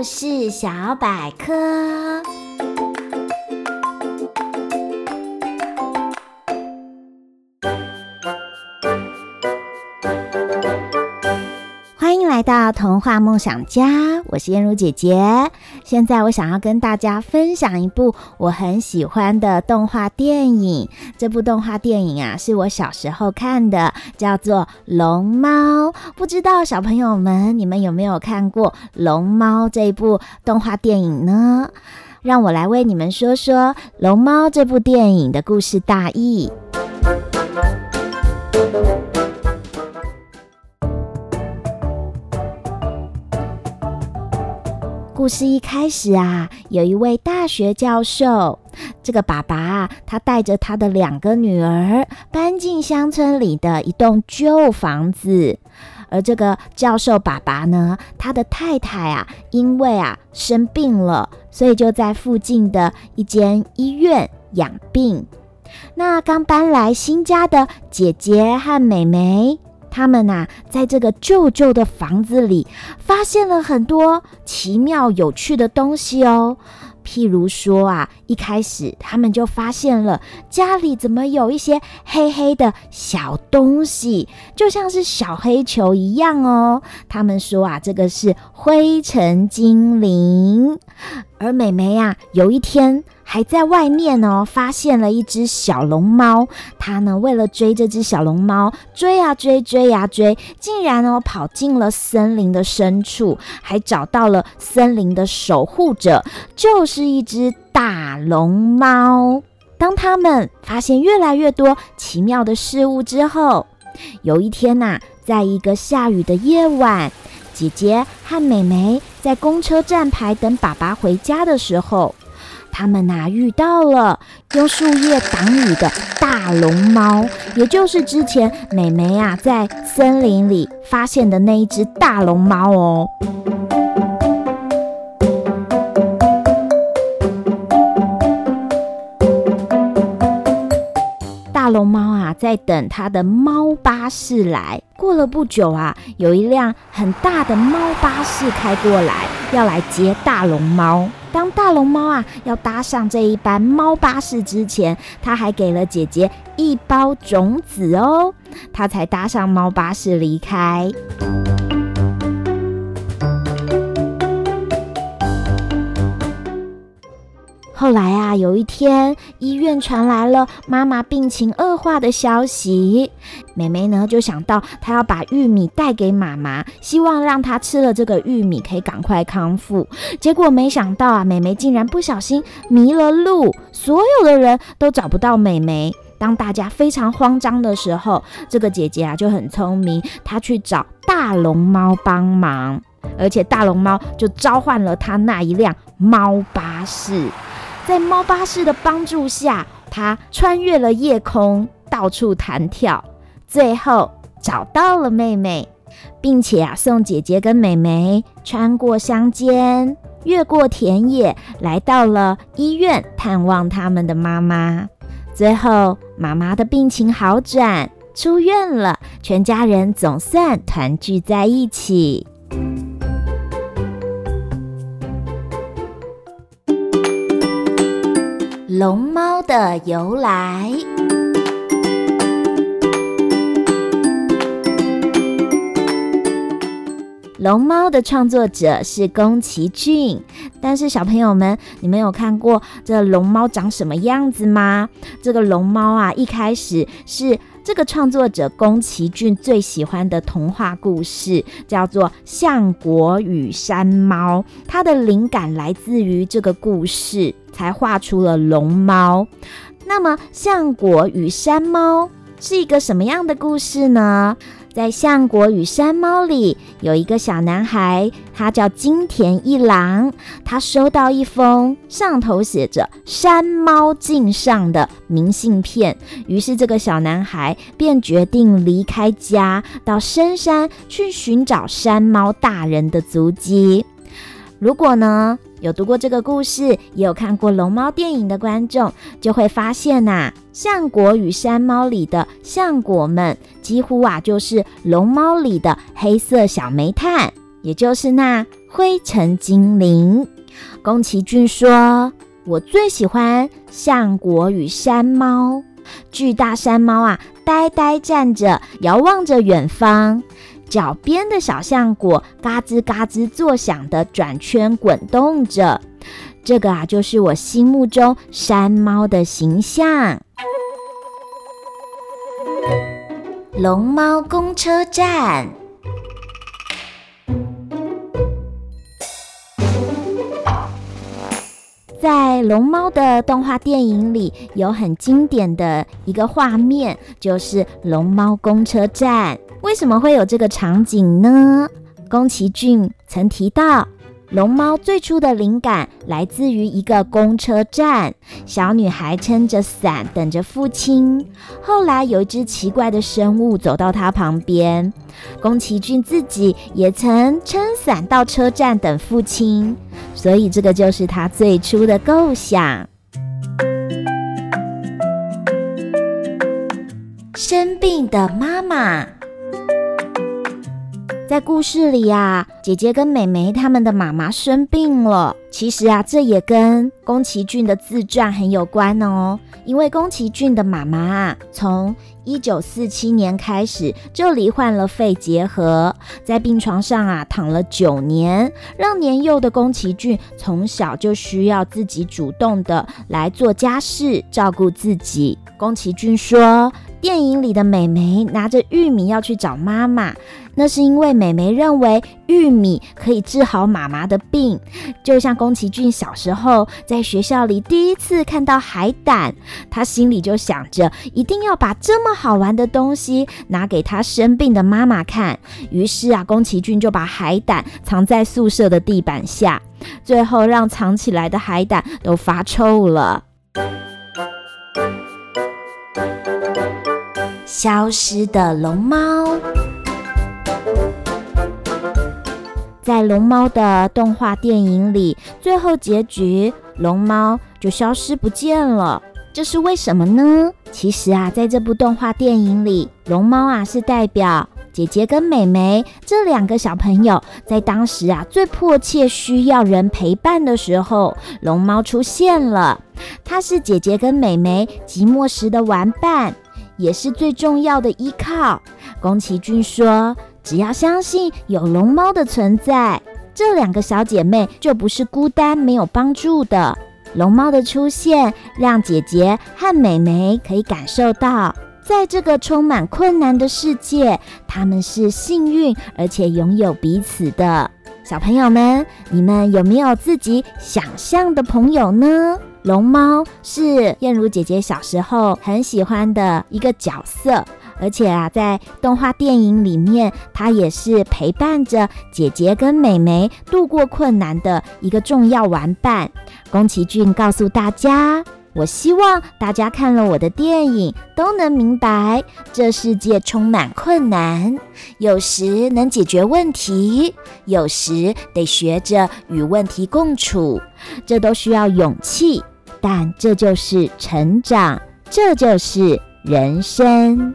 故事小百科，歡迎來到童話夢想家。我是燕如姐姐，現在我想要跟大家分享一部我很喜歡的動畫電影。這部動畫電影啊，是我小時候看的，叫做《龍貓》。不知道小朋友們，你們有沒有看過《龍貓》這部動畫電影呢？讓我來為你們說說《龍貓》這部電影的故事大意。故事一開始啊，有一位大學教授，這個爸爸啊，他帶着他的兩個女兒搬進鄉村裡的一棟舊房子。而這個教授爸爸呢，他的太太啊，因為啊生病了，所以就在附近的一間醫院養病。那剛搬來新家的姐姐和妹妹。他們啊，在這個舊舊的房子裡，發現了很多奇妙有趣的東西哦。譬如說啊，一開始他們就發現了家裡怎麼有一些黑黑的小東西，就像是小黑球一樣哦。他們說啊，這個是灰塵精靈。而妹妹呀，有一天。還在外面呢、哦，發現了一隻小龍貓。它呢，為了追這隻小龍貓，追呀、啊、追，追呀、啊、追，竟然哦跑進了森林的深處，還找到了森林的守護者，就是一隻大龍貓。當他們發現越來越多奇妙的事物之後，有一天吶、啊，在一個下雨的夜晚，姐姐和妹妹在公車站牌等爸爸回家的時候，他們吶、啊、遇到了用樹葉擋雨的大龍貓，也就是之前妹妹啊在森林裡發現的那一只大龍貓哦。大龍貓啊在等它的貓巴士來。過了不久啊，有一輛很大的貓巴士開過來，要來接大龍貓。當大龍貓啊要搭上這一班貓巴士之前，它還給了姐姐一包種子哦，它才搭上貓巴士離開。後來啊，有一天醫院傳來了媽媽病情惡化的消息。妹妹呢就想到她要把玉米帶給媽媽，希望讓她吃了這個玉米可以趕快康復。結果沒想到啊，妹妹竟然不小心迷了路，所有的人都找不到妹妹。當大家非常慌張的時候，這個姐姐啊就很聰明，她去找大龍貓幫忙，而且大龍貓就召喚了她那一輛貓巴士。在貓巴士的幫助下，他穿越了夜空，到處彈跳，最後找到了妹妹，並且啊，送姐姐跟妹妹穿過鄉間，越過田野，來到了醫院探望他們的媽媽。最後，媽媽的病情好轉，出院了，全家人總算團聚在一起。龍貓的由來。龍貓的創作者是宮崎駿，但是小朋友們，你們有看過這龍貓長什麼樣子嗎？這個龍貓啊，一開始是。這個創作者宮崎駿最喜歡的童話故事叫做《橡果與山貓》，他的靈感來自於這個故事，才畫出了龍貓。那麼，《橡果與山貓》是一個什麼樣的故事呢？在《相國與山貓》裡，有一個小男孩，他叫金田一郎。他收到一封上頭寫着“山貓敬上”的明信片，於是這個小男孩便決定離開家，到深山去尋找山貓大人的足跡。如果呢，有讀過這個故事，也有看過龍貓電影的觀眾，就會發現吶、啊，橡果與山貓裡的橡果們，幾乎啊就是龍貓裡的黑色小煤炭，也就是那灰塵精靈。宮崎駿說：“我最喜歡橡果與山貓，巨大山貓啊，呆呆站着，遙望着遠方。”腳邊的小橡果，嘎吱嘎吱作響的轉圈滾動着，這個啊就是我心目中山貓的形象。龍貓公車站，在龍貓的動畫電影裡，有很經典的一個畫面，就是龍貓公車站。為什麼會有這個場景呢？宮崎駿曾提到，龍貓最初的靈感來自於一個公車站，小女孩撐着傘等着父親。後來有一隻奇怪的生物走到她旁邊，宮崎駿自己也曾撐傘到車站等父親，所以這個就是他最初的構想。生病的媽媽。在故事裡呀、啊，姐姐跟妹妹他們的媽媽生病了。其實啊，這也跟宮崎駿的自傳很有關哦。因為宮崎駿的媽媽啊，從一九四七年開始就罹患了肺結核，在病床上啊躺了九年，讓年幼的宮崎駿從小就需要自己主動的來做家事，照顧自己。宮崎駿說。電影裡的美眉拿着玉米要去找媽媽，那是因為美眉認為玉米可以治好媽媽的病。就像宮崎駿小時候在學校裡第一次看到海膽，他心裡就想着一定要把這麼好玩的東西拿給他生病的媽媽看。於是啊，宮崎駿就把海膽藏在宿舍的地板下，最後讓藏起來的海膽都發臭了。消失的龍貓，在龍貓的動畫電影裡，最後結局龍貓就消失不見了，這是為什麼呢？其實啊，在這部動畫電影裡，龍貓啊是代表姐姐跟妹妹這兩個小朋友，在當時啊最迫切需要人陪伴的時候，龍貓出現了，它是姐姐跟妹妹寂寞時的玩伴。也是最重要的依靠。宮崎駿說：“只要相信有龍貓的存在，這兩個小姐妹就不是孤單、沒有幫助的。龍貓的出現，讓姐姐和妹妹可以感受到，在這個充滿困難的世界，他們是幸運，而且擁有彼此的。”小朋友們，你們有沒有自己想象的朋友呢？龍貓是燕如姐姐小時候很喜歡的一個角色，而且啊，在動畫電影裡面，它也是陪伴着姐姐跟妹妹度過困難的一個重要玩伴。宮崎駿告訴大家，我希望大家看了我的電影都能明白，這世界充滿困難，有時能解決問題，有時得學着與問題共處，這都需要勇氣。但這就是成長，這就是人生。